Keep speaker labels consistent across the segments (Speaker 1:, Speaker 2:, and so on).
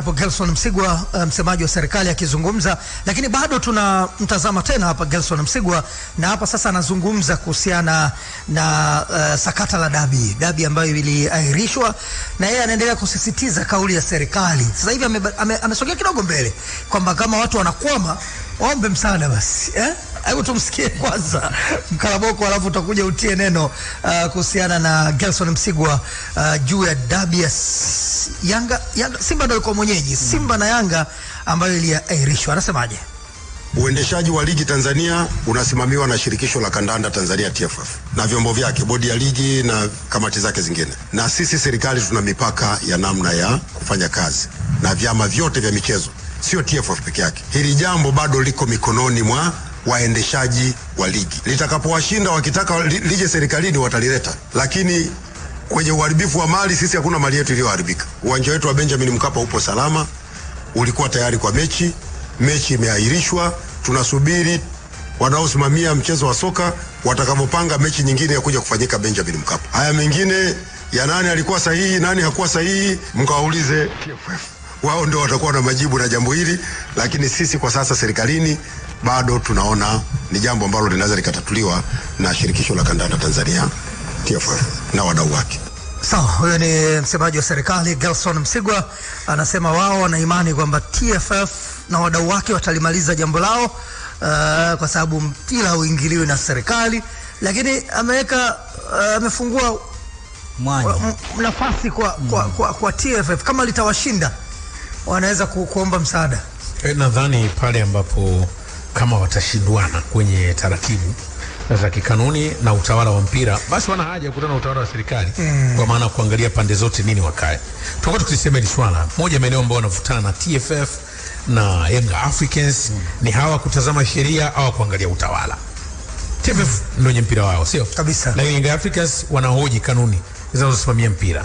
Speaker 1: Hapo Gelson Msigwa, eh, msemaji wa serikali akizungumza, lakini bado tunamtazama tena hapa Gelson Msigwa, na hapa sasa anazungumza kuhusiana na uh, sakata la dabi dabi ambayo iliahirishwa, na yeye anaendelea kusisitiza kauli ya serikali. Sasa hivi amesogea ame kidogo mbele kwamba kama watu wanakwama waombe msaada basi eh? Hebu tumsikie kwanza Mkaraboko, alafu utakuja utie neno uh, kuhusiana na Gelson Msigwa uh, juu ya dabi ya Yanga, Yanga Simba ndio alikuwa mwenyeji Simba na Yanga ambayo iliahirishwa. Anasemaje?
Speaker 2: Uendeshaji wa ligi Tanzania unasimamiwa na shirikisho la kandanda Tanzania TFF na vyombo vyake, bodi ya ligi na kamati zake zingine, na sisi serikali tuna mipaka ya namna ya kufanya kazi na vyama vyote vya michezo, sio TFF peke yake. Hili jambo bado liko mikononi mwa waendeshaji wa ligi. Litakapowashinda wakitaka lije serikalini watalileta, lakini kwenye uharibifu wa mali, sisi hakuna mali yetu iliyoharibika. Uwanja wetu wa Benjamin Mkapa upo salama, ulikuwa tayari kwa mechi. Mechi imeahirishwa, tunasubiri wanaosimamia mchezo wa soka watakavyopanga mechi nyingine ya kuja kufanyika Benjamin Mkapa. Haya mengine ya nani alikuwa sahihi, nani hakuwa sahihi, mkawaulize TFF, wao ndio watakuwa na majibu na jambo hili, lakini sisi kwa sasa serikalini bado tunaona ni jambo ambalo linaweza likatatuliwa na shirikisho la kandanda Tanzania. TFF na wadau wake.
Speaker 1: Sawa, huyo ni msemaji wa serikali Gelson Msigwa anasema wao wana imani kwamba TFF na wadau wake watalimaliza jambo lao, uh, kwa sababu mpira uingiliwe na serikali, lakini ameweka uh, amefungua nafasi kwa, kwa, kwa, kwa TFF kama litawashinda wanaweza ku, kuomba msaada.
Speaker 3: E, nadhani pale ambapo kama watashindwana kwenye taratibu za kikanuni na utawala wa mpira, basi wana haja ya kukutana na utawala wa serikali mm. kwa maana kuangalia pande zote nini wakae. Tulikuwa tukisema hili swala moja, maeneo ambayo wanavutana na TFF na Young Africans mm. ni hawa kutazama sheria au kuangalia utawala. TFF mm. ndio wenye mpira wao, sio kabisa, lakini Young Africans wanahoji kanuni zinazosimamia mpira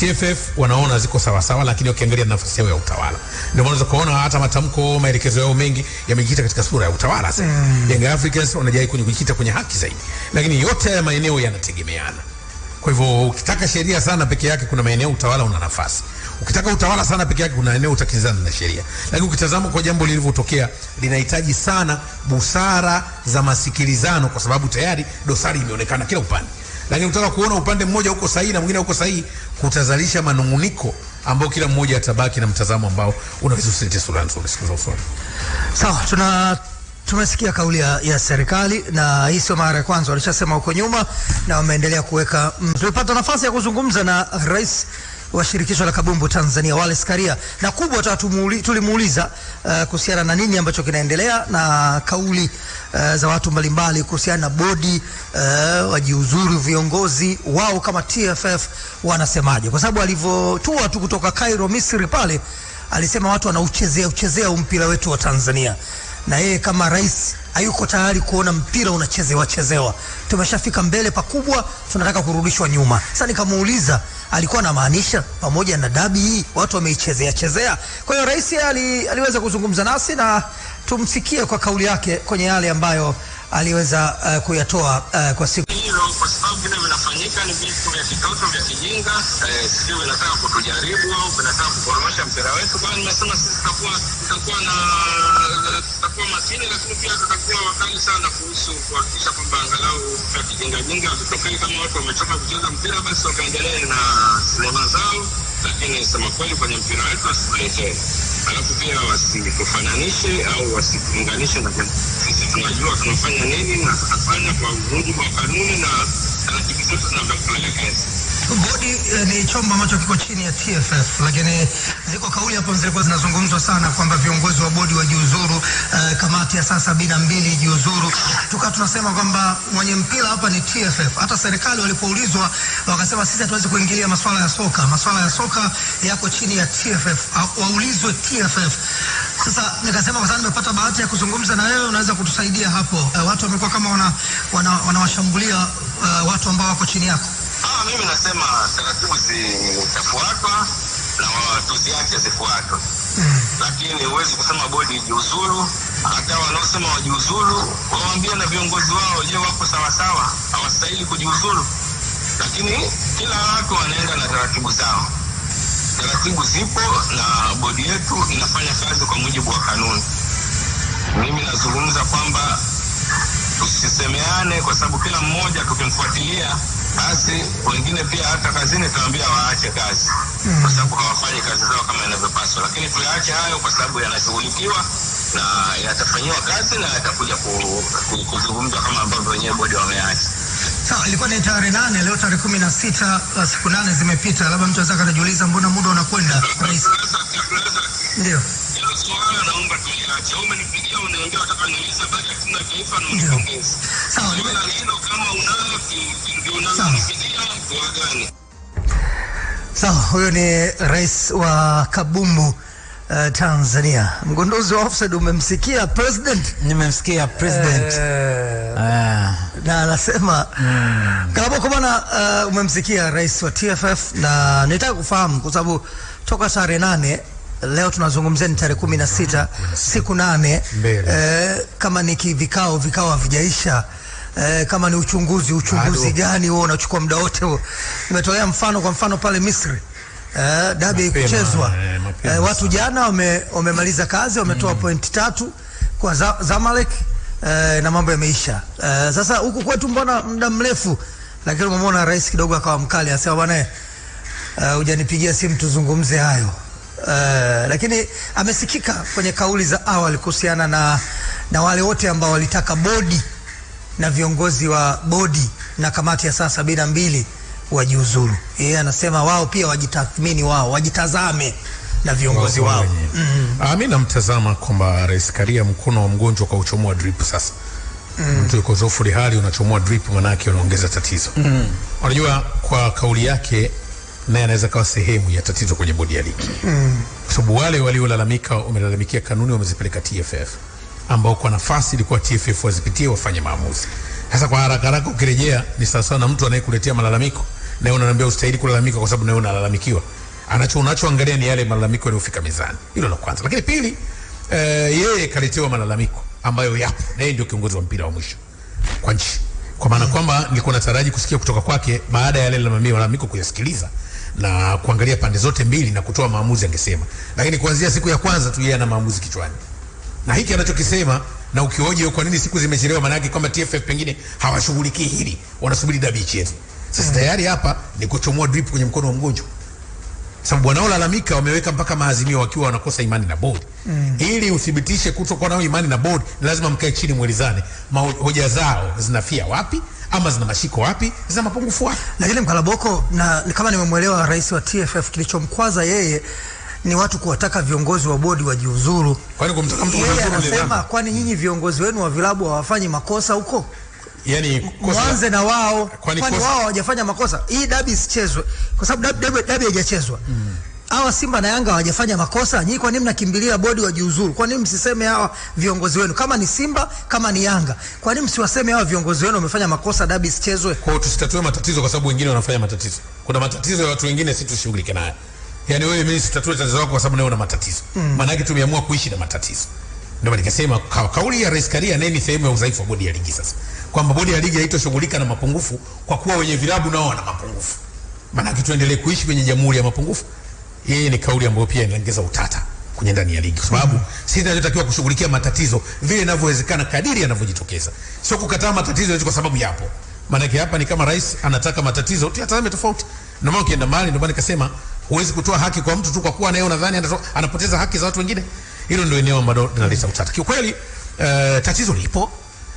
Speaker 3: TFF wanaona ziko sawa sawa, lakini wakiangalia nafasi yao ya utawala, ndio maana kuona hata matamko, maelekezo yao mengi yamejikita katika sura ya utawala. Sasa mm. Young Africans wanajai kujikita kwenye haki zaidi, lakini yote haya maeneo yanategemeana. Kwa hivyo ukitaka sheria sana peke yake, kuna maeneo utawala una nafasi. Ukitaka utawala sana peke yake, kuna eneo utakinzana na sheria. Lakini ukitazama kwa jambo lilivyotokea, linahitaji sana busara za masikilizano, kwa sababu tayari dosari imeonekana kila upande. Lakini ukitaka kuona upande mmoja uko sahihi na mwingine uko sahihi, kutazalisha manunguniko ambao kila mmoja atabaki na mtazamo ambao unaweza usilete sura nzuri siku za
Speaker 1: Sawa, tuna tumesikia kauli ya, ya serikali na hii sio mara ya kwanza, walishasema huko nyuma na wameendelea kuweka. Mm, Tulipata nafasi ya kuzungumza na Rais wa shirikisho la kabumbu Tanzania Wallace Karia, na kubwa tulimuuliza uh, kuhusiana na nini ambacho kinaendelea na kauli uh, za watu mbalimbali kuhusiana na bodi uh, wajiuzuru viongozi wao kama TFF wanasemaje, kwa sababu alivyotua tu kutoka Cairo Misri pale alisema watu wanauchezea uchezea umpira wetu wa Tanzania, na yeye kama rais hayuko tayari kuona mpira unachezewa chezewa. Tumeshafika mbele pakubwa, tunataka kurudishwa nyuma. Sasa nikamuuliza alikuwa anamaanisha pamoja na dabi hii watu wameichezea chezea. Kwa hiyo rais ali, aliweza kuzungumza nasi na tumsikie kwa kauli yake kwenye yale ambayo aliweza uh, kuyatoa uh, kwa siku
Speaker 4: hiyo, kwa sababu vile vinafanyika ni vitu vya kitoto vya kijinga eh, sio vinataka kutujaribu au vinataka kukorosha mpira wetu. Kwa hiyo nimesema sisi tutakuwa tutakuwa na tutakuwa makini, lakini pia tutakuwa wakali sana kuhusu kuhakikisha kwamba angalau vya kijinga jinga vitokei. Kama watu wamechoka kucheza mpira, basi wakaendelee na sinema zao, lakini sema kweli kwenye mpira wetu asituletee alafu pia wasitufananishe au wasituunganishe na sisi tunajua tunafanya nini na tunafanya kwa mujibu wa kanuni na taratibu zote zinavyotuelekeza
Speaker 1: bodi eh, ni chombo ambacho kiko chini ya TFF, lakini ziko kauli hapo zilikuwa zinazungumzwa sana kwamba viongozi wa bodi wajiuzuru, uh, kamati ya saa sabini na mbili ijiuzuru. Tukawa tunasema kwamba mwenye mpira hapa ni TFF. Hata serikali walipoulizwa wakasema sisi hatuwezi kuingilia masuala ya soka, masuala ya soka yako chini ya TFF, waulizwe TFF. Sasa nikasema kwa sababu nimepata bahati ya kuzungumza na wewe, unaweza kutusaidia hapo. Uh, watu wamekuwa kama wanawashambulia wana, wana uh, watu ambao wako chini yako
Speaker 4: mimi nasema taratibu zitafuatwa na tuziache zifuatwe, Lakini huwezi kusema bodi ijiuzuru. Hata wanaosema wajiuzuru wawaambie na viongozi wao, je, wako sawasawa? Hawastahili kujiuzuru, lakini kila watu wanaenda na taratibu zao. Taratibu zipo na bodi yetu inafanya kazi kwa mujibu wa kanuni. Mimi nazungumza kwamba tusisemeane, kwa sababu kila mmoja tukimfuatilia basi wengine pia hata kazini tunaambia waache kazi mm. kwa sababu hawafanyi kazi zao kama inavyopaswa, lakini tuyaache hayo kwa sababu yanashughulikiwa na yatafanyiwa kazi na yatakuja kuzungumzwa kama ambavyo wenyewe bodi wameacha.
Speaker 1: Sawa, ilikuwa ni tarehe nane, leo tarehe kumi na sita, uh, siku nane zimepita. Labda mtu anaweza akajiuliza mbona muda unakwenda?
Speaker 4: Ndio naomba niulize habari ya timu ya taifa na unipongeze. Sawa, nimeona hilo kama ndio unanipigia kwa gani?
Speaker 1: Sawa, huyo ni rais wa Kabumbu Uh, Tanzania. Mgunduzi wa offside umemsikia president?
Speaker 5: Nimemsikia president. Uh,
Speaker 1: Na anasema mm. Kalaboko bwana, uh, umemsikia rais wa TFF na nitaka kufahamu kwa sababu toka sare nane leo tunazungumzia ni tarehe kumi na sita siku nane e, kama ni vikao vikao havijaisha e, kama ni uchunguzi uchunguzi gani huo unachukua muda wote huo? Nimetolea mfano kwa mfano pale Misri e, dabi haikuchezwa e, watu jana wamemaliza wame kazi wametoa mm. pointi tatu kwa Zamalek e, na mambo yameisha. E, sasa huku kwetu mbona muda mrefu, lakini umemwona rais kidogo akawa mkali, asema bwana, hujanipigia uh, simu tuzungumze hayo. Uh, lakini amesikika kwenye kauli za awali kuhusiana na, na wale wote ambao walitaka bodi na viongozi wa bodi na kamati ya saa sabini na mbili wajiuzuru. Yeye yeah, anasema wao pia wajitathmini, wao wajitazame na viongozi wao.
Speaker 3: Mm -hmm. Mimi ah, namtazama kwamba Rais Karia mkono wa mgonjwa kwa uchomoa drip sasa. Mm. Mtu yuko zofu hali unachomoa drip manake unaongeza tatizo. Mm. kwa kauli yake na yanaweza kawa sehemu ya tatizo kwenye bodi ya ligi mm. kwa sababu wale waliolalamika wamelalamikia kanuni wamezipeleka TFF, ambao kwa nafasi ilikuwa TFF wazipitie wafanye maamuzi. Sasa kwa haraka haraka ukirejea ni sawasawa na mtu anayekuletea malalamiko na yeye unaniambia ustahili kulalamika kwa sababu na yeye unalalamikiwa. Anacho unachoangalia ni yale malalamiko yaliyofika mezani, hilo la kwanza. Lakini pili, uh, yeye kaletewa malalamiko ambayo yapo, na yeye ndio kiongozi wa mpira wa mwisho kwa nchi, kwa maana kwamba nilikuwa nataraji kusikia kutoka kwake baada ya yale malalamiko kuyasikiliza na kuangalia pande zote mbili na kutoa maamuzi angesema, lakini kuanzia siku ya kwanza tu yeye ana maamuzi kichwani na hiki anachokisema. Na ukioje, kwa nini siku zimechelewa? Maana yake kwamba TFF pengine hawashughulikii hili, wanasubiri dabi ichezwe. Sasa tayari hapa ni kuchomoa drip kwenye mkono wa mgonjwa, sababu wanaolalamika wameweka mpaka maazimio wakiwa wanakosa imani na bodi mm. Ili uthibitishe kutokuwa nao imani na bodi, lazima mkae chini mwelizane hoja zao zinafia wapi ama zina mashiko wapi, zina mapungufu wapi.
Speaker 1: ile Mkalaboko, na kama nimemwelewa rais wa TFF, kilichomkwaza yeye ni watu kuwataka viongozi wa bodi wajiuzuru.
Speaker 3: Kwani kumtaka mtu kujiuzuru?
Speaker 1: Anasema kwani nyinyi viongozi wenu wa vilabu hawafanyi makosa huko? Yani mwanze na wao, kwani wao hawajafanya makosa? Hii dabi isichezwe kwa sababu dabi haijachezwa. Mm hawa Simba na Yanga hawajafanya makosa? Nyinyi kwa nini mnakimbilia bodi wajiuzuru? Kwa nini msiseme hawa viongozi wenu, kama ni Simba kama ni Yanga, kwa nini msiwaseme hawa viongozi wenu wamefanya makosa, dabi sichezwe? Kwa
Speaker 3: hiyo tusitatue matatizo, kwa sababu wengine wanafanya matatizo. Kuna matatizo ya watu wengine, si tushughulike nayo. Yani wewe mimi sitatue tatizo lako, kwa sababu nawe una matatizo mm. Maana yake tumeamua kuishi na matatizo. Ndio maana nikasema ka, kauli ya Rais Karia ni sehemu ya udhaifu wa bodi ya ligi sasa, kwamba bodi ya ligi haitoshughulika na mapungufu kwa kuwa wenye vilabu nao wana mapungufu. Maana yake tuendelee kuishi kwenye jamhuri ya mapungufu hii ni kauli ambayo pia inaongeza utata kwenye ndani ya ligi, kwa sababu mm sisi tunachotakiwa kushughulikia matatizo vile inavyowezekana kadiri yanavyojitokeza, sio kukataa matatizo kwa sababu yapo. Maanake hapa ni kama rais anataka matatizo tuyatazame tofauti, ndio maana ukienda mbali, ndio maana nikasema huwezi kutoa haki kwa mtu tu kwa kuwa naye unadhani anapoteza haki za watu wengine. Hilo ndio eneo ambalo linaleta utata kiukweli. Uh, tatizo lipo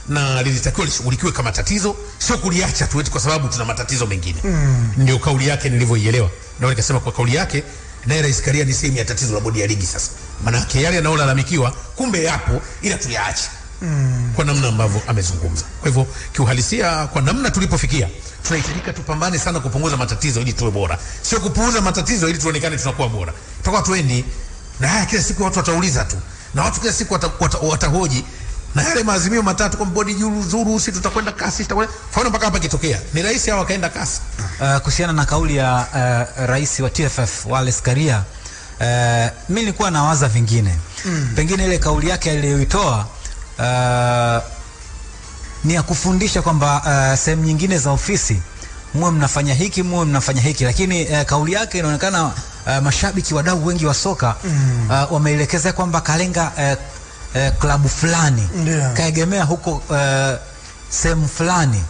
Speaker 3: na lilitakiwa lishughulikiwe kama tatizo, sio kuliacha tu eti kwa sababu tuna matatizo mengine mm. Ndio kauli yake nilivyoielewa, ndio nikasema kwa kauli yake naye Rais Karia ni sehemu ya tatizo la bodi ya ligi. Sasa manake yale yanayolalamikiwa kumbe yapo, ila tuyaache mm. kwa namna ambavyo amezungumza. Kwa hivyo kiuhalisia, kwa namna tulipofikia, tunahitajika tupambane sana kupunguza matatizo ili tuwe bora, sio kupuuza matatizo ili tuonekane tunakuwa bora. Tutakuwa twendi na haya, kila siku watu watauliza tu na watu kila siku watahoji wata, wata yale maazimio matatu kwa bodi zuru sisi tutakwenda kasi tutakwenda. Faona mpaka hapa kitokea. Ni rais hao wakaenda kasi.
Speaker 5: Uh, kuhusiana na kauli ya uh, rais wa TFF Wallace Karia uh, eh, mimi nilikuwa nawaza vingine. Mm. Pengine ile kauli yake aliyoitoa uh, ni ya kufundisha kwamba uh, sehemu nyingine za ofisi muwe mnafanya hiki muwe mnafanya hiki, lakini uh, kauli yake inaonekana uh, mashabiki wadau wengi wa soka mm. uh, wameelekeza kwamba kalenga uh, eh, klabu fulani yeah. kaegemea huko eh, sehemu fulani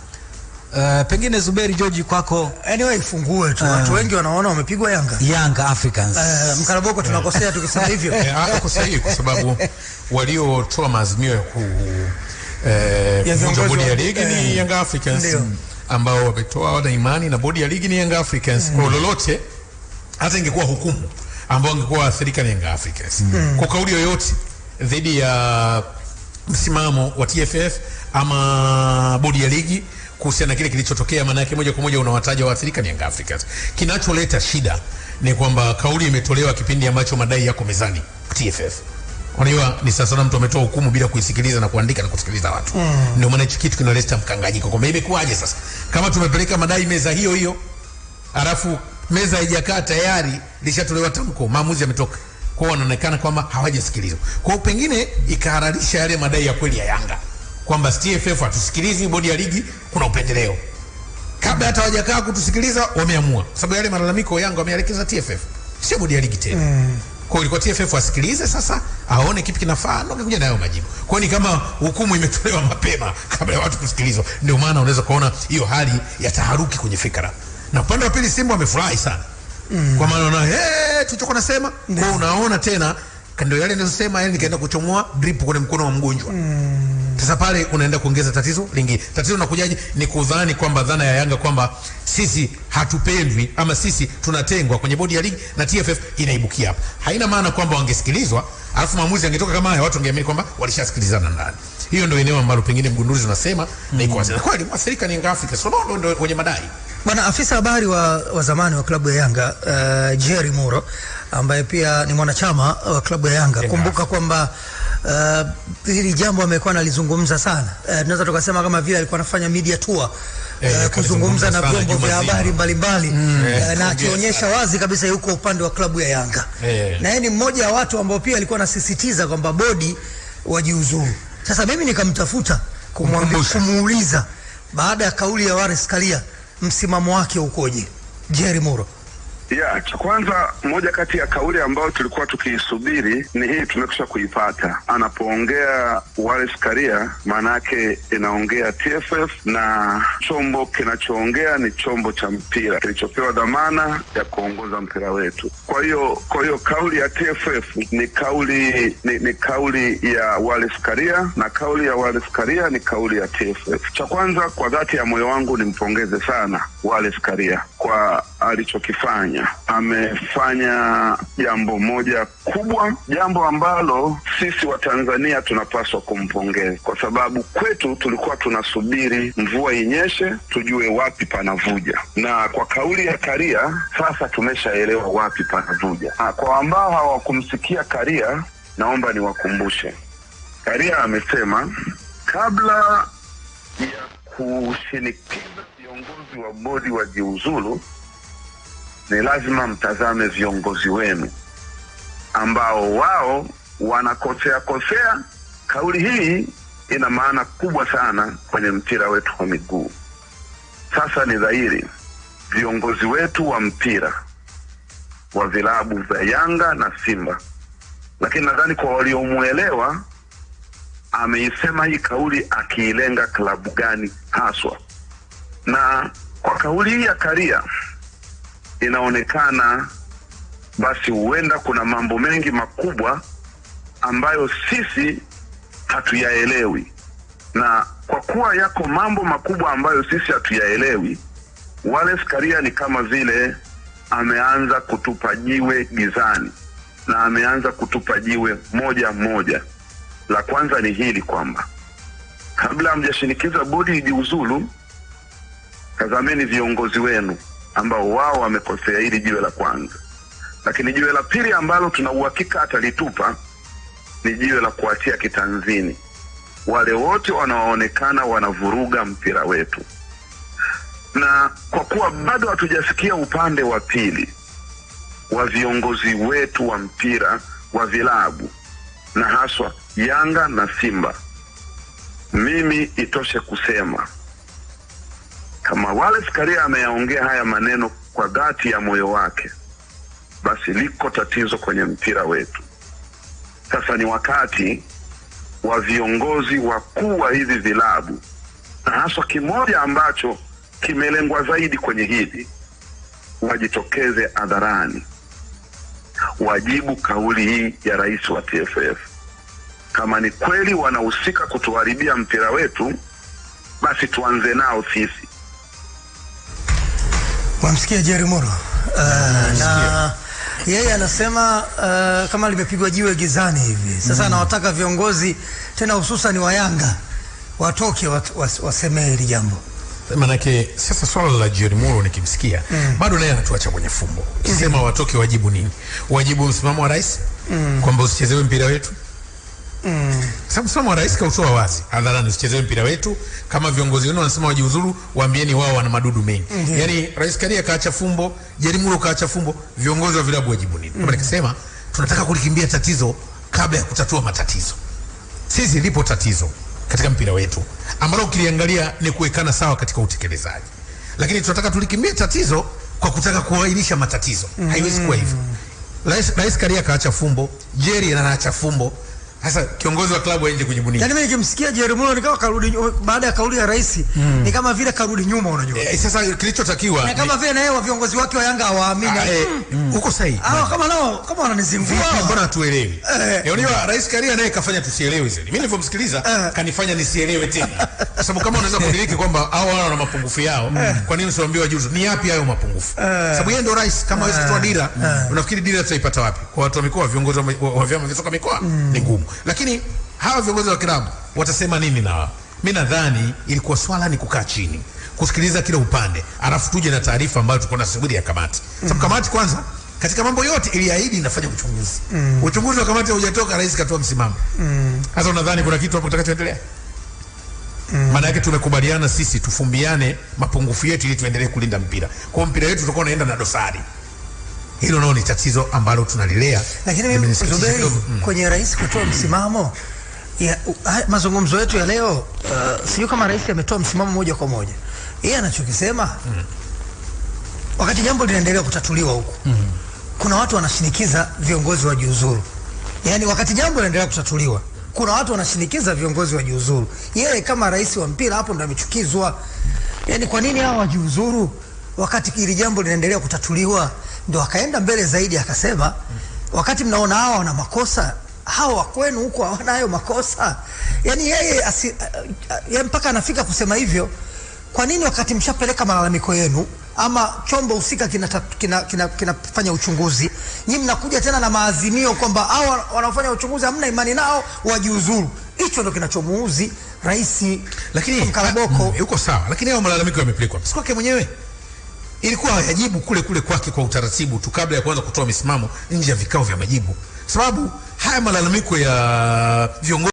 Speaker 5: Uh, pengine Zuberi George kwako.
Speaker 1: Anyway, ifungue tu. uh, Watu eh. wengi wanaona wamepigwa Yanga.
Speaker 5: Yanga Africans.
Speaker 1: Uh, Mkaraboko tunakosea yeah. tukisema hivyo.
Speaker 3: kwa sahihi kwa sababu waliotoa maazimio ya ku eh, ya bodi ya ligi ni Yanga Africans ambao wametoa wana imani na bodi ya ligi ni Yanga Africans. mm. Kwa lolote hata ingekuwa hukumu ambao angekuwa athirika ni Yanga Africans. mm. Kwa kauli yoyote dhidi ya msimamo wa TFF ama bodi ya ligi kuhusiana na kile kilichotokea. Maana yake moja kwa moja unawataja waathirika ni Young Africans. Kinacholeta shida ni kwamba kauli imetolewa kipindi ambacho madai yako mezani TFF. Unajua ni sasa na mtu ametoa hukumu bila kuisikiliza na kuandika na kusikiliza watu. Mm. Ndio maana hichi kitu kinaleta mkanganyiko. Kwa maana imekuaje sasa? Kama tumepeleka madai meza hiyo hiyo, alafu meza haijakaa tayari, lishatolewa tamko, maamuzi yametoka kwao wanaonekana kwamba hawajasikilizwa, kwao pengine ikahararisha yale madai ya kweli ya Yanga kwamba TFF hatusikilizi bodi ya ligi, kuna upendeleo. Kabla hata hawajakaa kutusikiliza, wameamua, kwa sababu yale malalamiko Yanga wameelekeza TFF, sio bodi ya ligi tena mm. Kwa hiyo ilikuwa TFF asikilize sasa, aone kipi kinafaa ndio kuja nayo majibu. Kwa hiyo ni kama hukumu imetolewa mapema kabla ya watu kusikilizwa, ndio maana unaweza kuona hiyo hali ya taharuki kwenye fikra, na upande wa pili Simba wamefurahi sana mm. kwa maana na hey, tulichokuwa nasema kwa unaona tena ndio yale ninasema, yani nikaenda kuchomoa drip kwenye mkono wa mgonjwa sasa. Mm. Pale unaenda kuongeza tatizo lingine. Tatizo linakujaje? Ni kudhani kwamba dhana ya Yanga kwamba sisi hatupendwi ama sisi tunatengwa kwenye bodi ya ligi na TFF inaibukia hapa. Haina maana kwamba wangesikilizwa, alafu maamuzi yangetoka kama haya, watu wangeamini kwamba walishasikilizana ndani. Hiyo ndio eneo ambalo pengine mgunduzi unasema mm. na iko wazi kweli, mwathirika ni Yanga Sio so ndio kwenye madai
Speaker 1: Bwana afisa habari wa, wa zamani wa klabu ya Yanga uh, Jerry Muro ambaye pia ni mwanachama wa klabu ya Yanga. Kumbuka kwamba uh, hili jambo amekuwa analizungumza sana uh, tunaweza tukasema kama vile alikuwa anafanya media tour uh, kuzungumza na vyombo vya habari mbalimbali mm, uh, na akionyesha wazi kabisa yuko upande wa klabu ya Yanga yeah. Na yeye ni mmoja wa watu ambao pia alikuwa anasisitiza kwamba bodi wajiuzuru. Sasa mimi nikamtafuta kumwambia kumuuliza baada ya kauli ya Wallace Karia msimamo wake ukoje Jerry Muro?
Speaker 6: Ya, cha kwanza, moja kati ya kauli ambayo tulikuwa tukiisubiri ni hii tumekusha kuipata. Anapoongea Wallace Karia, maana yake inaongea TFF na chombo kinachoongea ni chombo cha mpira kilichopewa dhamana ya kuongoza mpira wetu. Kwa hiyo kwa hiyo kauli ya TFF ni kauli ni, ni kauli ya Wallace Karia na kauli ya Wallace Karia ni kauli ya TFF. Cha kwanza, kwa dhati ya moyo wangu nimpongeze sana Wallace Karia kwa alichokifanya. Amefanya jambo moja kubwa, jambo ambalo sisi Watanzania tunapaswa kumpongeza, kwa sababu kwetu tulikuwa tunasubiri mvua inyeshe tujue wapi panavuja, na kwa kauli ya Karia sasa tumeshaelewa wapi panavuja. Na kwa ambao hawakumsikia Karia, naomba niwakumbushe, Karia amesema kabla ya kushinikiza viongozi wa bodi jiuzulu ni lazima mtazame viongozi wenu ambao wao wanakosea kosea. Kauli hii ina maana kubwa sana kwenye mpira wetu wa miguu. Sasa ni dhahiri viongozi wetu wa mpira wa vilabu vya Yanga na Simba, lakini nadhani kwa waliomwelewa ameisema hii kauli akiilenga klabu gani haswa? Na kwa kauli hii ya Karia inaonekana basi huenda kuna mambo mengi makubwa ambayo sisi hatuyaelewi, na kwa kuwa yako mambo makubwa ambayo sisi hatuyaelewi, Wallace Karia ni kama vile ameanza kutupa jiwe gizani na ameanza kutupa jiwe moja moja. La kwanza ni hili kwamba kabla hamjashinikiza bodi ijiuzulu tazameni viongozi wenu ambao wao wamekosea. Hili jiwe la kwanza, lakini jiwe la pili ambalo tuna uhakika atalitupa ni jiwe la kuatia kitanzini wale wote wanaoonekana wanavuruga mpira wetu, na kwa kuwa bado hatujasikia upande wa pili wa viongozi wetu wa mpira wa vilabu na haswa Yanga na Simba, mimi itoshe kusema kama Wallace Karia ameyaongea haya maneno kwa dhati ya moyo wake, basi liko tatizo kwenye mpira wetu. Sasa ni wakati wa viongozi wakuu wa hivi vilabu na haswa kimoja ambacho kimelengwa zaidi kwenye hili, wajitokeze hadharani, wajibu kauli hii ya rais wa TFF. Kama ni kweli wanahusika kutuharibia mpira wetu, basi tuanze nao sisi.
Speaker 1: Wamsikia Jerry Moro uh, na yeye anasema uh, kama limepigwa jiwe gizani hivi sasa. Mm. Anawataka mm. viongozi tena hususan wa Yanga watoke wat, was, wasemee hili jambo
Speaker 3: Manake sasa swala la Jerimoro nikimsikia mm. bado naye anatuacha kwenye fumbo. Mm-hmm. Sema watoke wajibu nini? Wajibu msimamo wa rais mm. kwamba usichezewe mpira wetu Mm. Sasa Sababu sio marais kautoa wazi hadharani, usichezee mpira wetu. Kama viongozi wenu wanasema wajiuzuru, waambieni wao wana madudu mengi. mm -hmm. Yaani Rais Karia kaacha fumbo, Jerimuro kaacha fumbo, viongozi wa vilabu wajibu nini? mm -hmm. nikisema tunataka kulikimbia tatizo kabla ya kutatua matatizo. Sisi lipo tatizo katika mpira wetu ambalo ukiliangalia ni kuwekana sawa katika utekelezaji, lakini tunataka tulikimbia tatizo kwa kutaka kuwainisha matatizo. mm -hmm. Haiwezi kuwa hivyo. Mhm. Rais, Rais Karia kaacha fumbo, Jerry anaacha fumbo sasa kiongozi wa klabu aende kujibunia.
Speaker 1: Yaani mimi nikimsikia Jerry Mulo nikawa karudi baada ya kauli ya rais mm. ni kama vile karudi nyuma unajua.
Speaker 3: E, sasa kilichotakiwa ni
Speaker 1: kama vile na yeye wa viongozi wake wa Yanga hawaamini. Ah, eh,
Speaker 3: mm. Uko sahihi.
Speaker 1: Ah, kama nao kama wananizingua.
Speaker 3: Mbona hatuelewi? Eh, eh unajua Rais Karia naye kafanya tusielewe zaidi. Mimi nilipomsikiliza eh, kanifanya nisielewe tena. Kwa sababu kama unaweza kudiriki kwamba hao wana na mapungufu yao, eh, kwa nini usiwaambie wajuzu? Ni yapi hayo mapungufu? Eh, sababu yeye ndo rais kama hawezi kutoa eh. dira, eh, unafikiri dira tutaipata wapi? Kwa watu wa mikoa, viongozi wa vyama vya soka mikoa hmm. ni ngumu. Lakini hawa viongozi wa klabu watasema nini? Na mimi nadhani ilikuwa swala ni kukaa chini kusikiliza kila upande, alafu tuje na taarifa ambayo tulikuwa subiri ya kamati. mm -hmm. Sababu mm-hmm. kamati kwanza katika mambo yote iliahidi inafanya uchunguzi. Mm. Uchunguzi wa kamati haujatoka, rais katoa msimamo. Mm. Sasa mm. unadhani kuna kitu hapo kitakachoendelea? Mm. Maana yake tumekubaliana sisi tufumbiane mapungufu yetu ili tuendelee kulinda mpira. Kwa mpira wetu tutakuwa unaenda na dosari hilo nao ni tatizo ambalo tunalilea,
Speaker 1: lakini mimi mm. kwenye rais kutoa msimamo ya, uh, mazungumzo yetu ya leo uh, sio kama rais ametoa msimamo moja kwa moja yeye anachokisema mm. Wakati jambo linaendelea kutatuliwa huku mm -hmm. Kuna watu wanashinikiza viongozi wajiuzuru, yaani wakati jambo linaendelea kutatuliwa kuna watu wanashinikiza viongozi wajiuzuru. Yeye kama rais wa mpira hapo ndo amechukizwa, yaani kwa nini hao wajiuzuru wakati hili jambo linaendelea kutatuliwa? ndio akaenda mbele zaidi akasema, wakati mnaona hawa wana makosa, hawa wa kwenu huko hawana hayo makosa. Yani yeye asi, ya mpaka anafika kusema hivyo. Kwa nini wakati mshapeleka malalamiko yenu ama chombo husika kinafanya kina, kina, kina uchunguzi, nyi mnakuja tena na maazimio kwamba hawa wanaofanya uchunguzi hamna imani nao, wajiuzuru? Hicho ndo kinachomuuzi rais,
Speaker 3: lakini yuko sawa, lakini hayo malalamiko yamepelekwa Si kwake mwenyewe ilikuwa hayajibu kule kule kwake kwa utaratibu tu kabla ya kuanza kutoa misimamo nje ya vikao vya majibu, sababu haya malalamiko ya viongozi